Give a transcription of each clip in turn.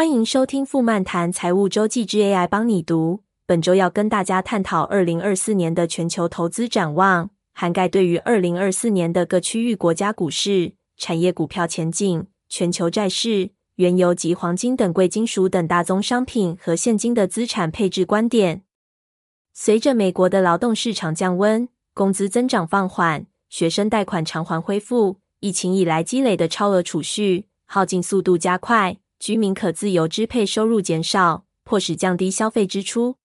歡迎收聽富漫談財務週記之 AI 幫你讀。本周要跟大家探討二零二四年的全球投資展望，涵蓋對於二零二四年的各區域國家股市、產業股票前景、全球債市、原油及黃金等貴金屬等大宗商品和現金的資產配置觀點。隨着美國的勞動市場降溫，工資增長放緩，學生貸款償還恢復，疫情以來積累的超額儲蓄耗盡速度加快。居民可自由支配收入減少，迫使降低消費支出。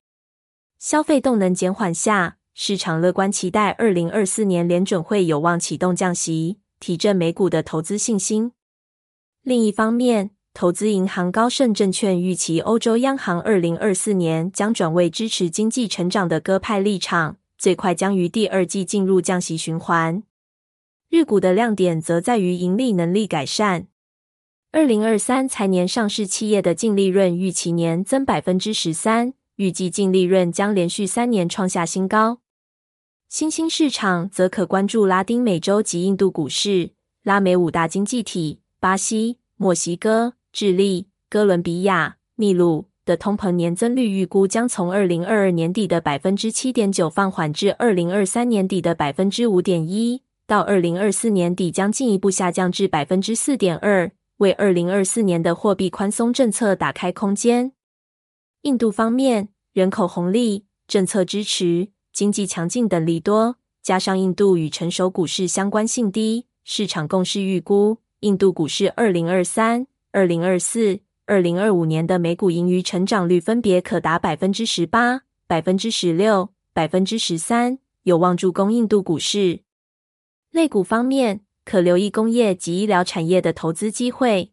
消費動能減緩下，市場樂觀期待二零二四年聯準會有望啟動降息，提振美股的投資信心。另一方面，投資銀行高盛證券預期歐洲央行二零二四年將轉為支持經濟成長的鴿派立場，最快將於第二季進入降息循環。日股的亮點則在於盈利能力改善。二零二三財年上市企業的淨利潤預期年增百分之十三，預計淨利潤將連續三年創下新高。新興市場則可關注拉丁美洲及印度股市。拉美五大經濟體——巴西、墨西哥、智利、哥倫比亞、秘魯的通膨年增率預估將從二零二二年底的百分之七點九放緩至二零二三年底的百分之五點一，到二零二四年底將進一步下降至百分之四點二。為二零二四年的貨幣寬鬆政策打開空間。印度方面，人口紅利、政策支持、經濟強勁等利多，加上印度與成熟股市相關性低，市場共識預估印度股市二零二三、二零二四、二零二五年的每股盈餘成長率分別可達百分之十八、百分之十六、百分之十三，有望助攻印度股市。類股方面，可留意工業及醫療產業的投資機會。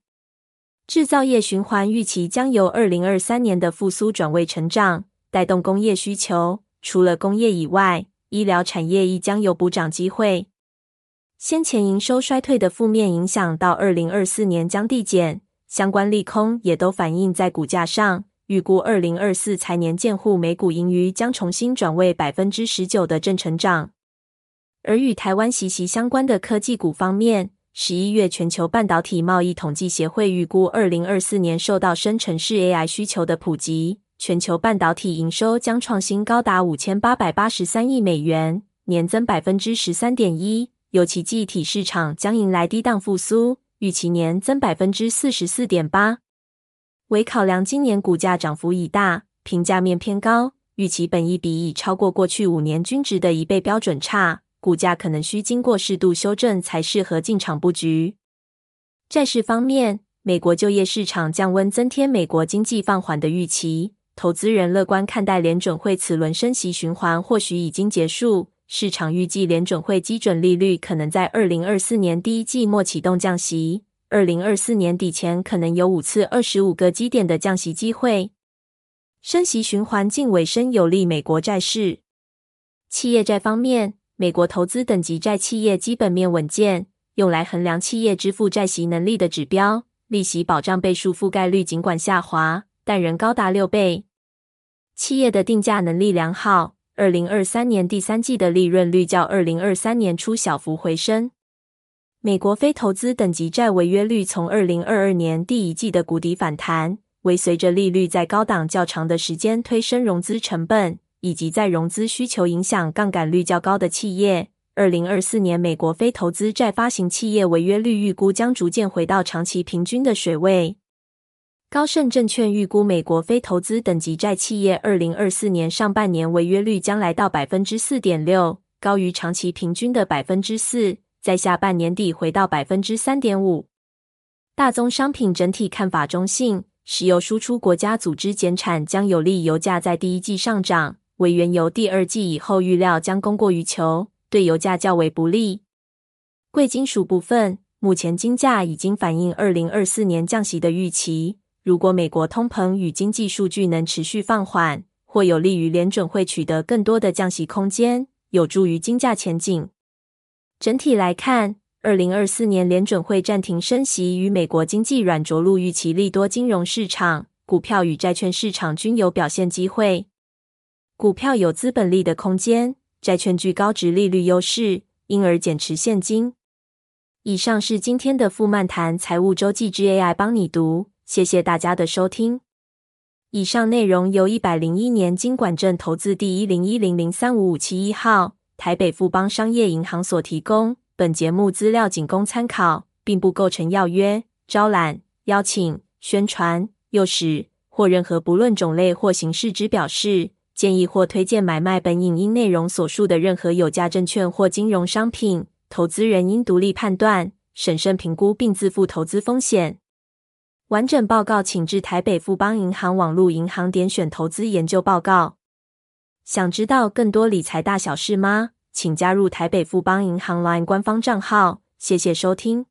製造業循環預期將由二零二三年的復甦轉為成長，帶動工業需求。除了工業以外，醫療產業亦將有補漲機會。先前營收衰退的負面影響到二零二四年將遞減，相關利空也都反映在股價上。預估二零二四財年建戶每股盈餘將重新轉為百分之十九的正成長。而與台灣息息相關的科技股方面，十一月全球半導體貿易統計協會預估，二零二四年受到生成式 AI 需求的普及，全球半導體營收將創新高達五千八百八十三億美元，年增百分之十三點一。尤其記憶體市場將迎來低檔復甦，預期年增百分之四十四點八。唯考量今年股價漲幅已大，評價面偏高，預期本益比已超過過去五年均值的一倍標準差。股價可能需經過適度修正才適合進場布局。債市方面，美國就業市場降溫，增添美國經濟放緩的預期。投資人樂觀看待聯準會此輪升息循環或許已經結束，市場預計聯準會基準利率可能在二零二四年第一季末啟動降息，二零二四年底前可能有五次二十五個基點的降息機會。升息循環近尾聲，有利美國債市。企業債方面。美國投資等級債企業基本面穩健，用來衡量企業支付債息能力的指標，利息保障倍數覆蓋率儘管下滑，但仍高達六倍。企業的定價能力良好，二零二三年第三季的利潤率較二零二三年初小幅回升。美國非投資等級債違約率從二零二二年第一季的谷底反彈，為隨着利率在高檔較長的時間推升融資成本。以及在融資需求影響槓桿率較高的企業，二零二四年美國非投資債發行企業違約率預估將逐漸回到長期平均的水位。高盛證券預估美國非投資等級債企業二零二四年上半年違約率將來到百分之四點六，高於長期平均的百分之四，在下半年底回到百分之三點五。大宗商品整體看法中性，石油輸出國家組織減產將有利油價在第一季上漲。為原油第二季以後預料將供過於求，對油價較為不利。貴金屬部分，目前金價已經反映二零二四年降息的預期。如果美國通膨與經濟數據能持續放緩，或有利於聯準會取得更多的降息空間，有助於金價前景。整體來看，二零二四年聯準會暫停升息與美國經濟軟着陸預期利多金融市場，股票與債券市場均有表現機會。股票有資本利的空間，債券具高值利率優勢，因而減持現金。以上是今天的富漫談財務周記，之 AI 幫你讀。謝謝大家的收聽。以上內容由一百零一年金管證投字第一零一零零三五五七一號台北富邦商業銀行所提供。本節目資料僅供參考，並不構成要約、招攬、邀請、宣傳、誘使或任何不論種類或形式之表示。建議或推薦買賣本影音內容所述的任何有價證券或金融商品，投資人應獨立判斷、審慎評估，並自負投資風險。完整報告請至台北富邦銀行網絡銀行點選投資研究報告。想知道更多理財大小事嗎？請加入台北富邦銀行 LINE 官方賬號，謝謝收聽。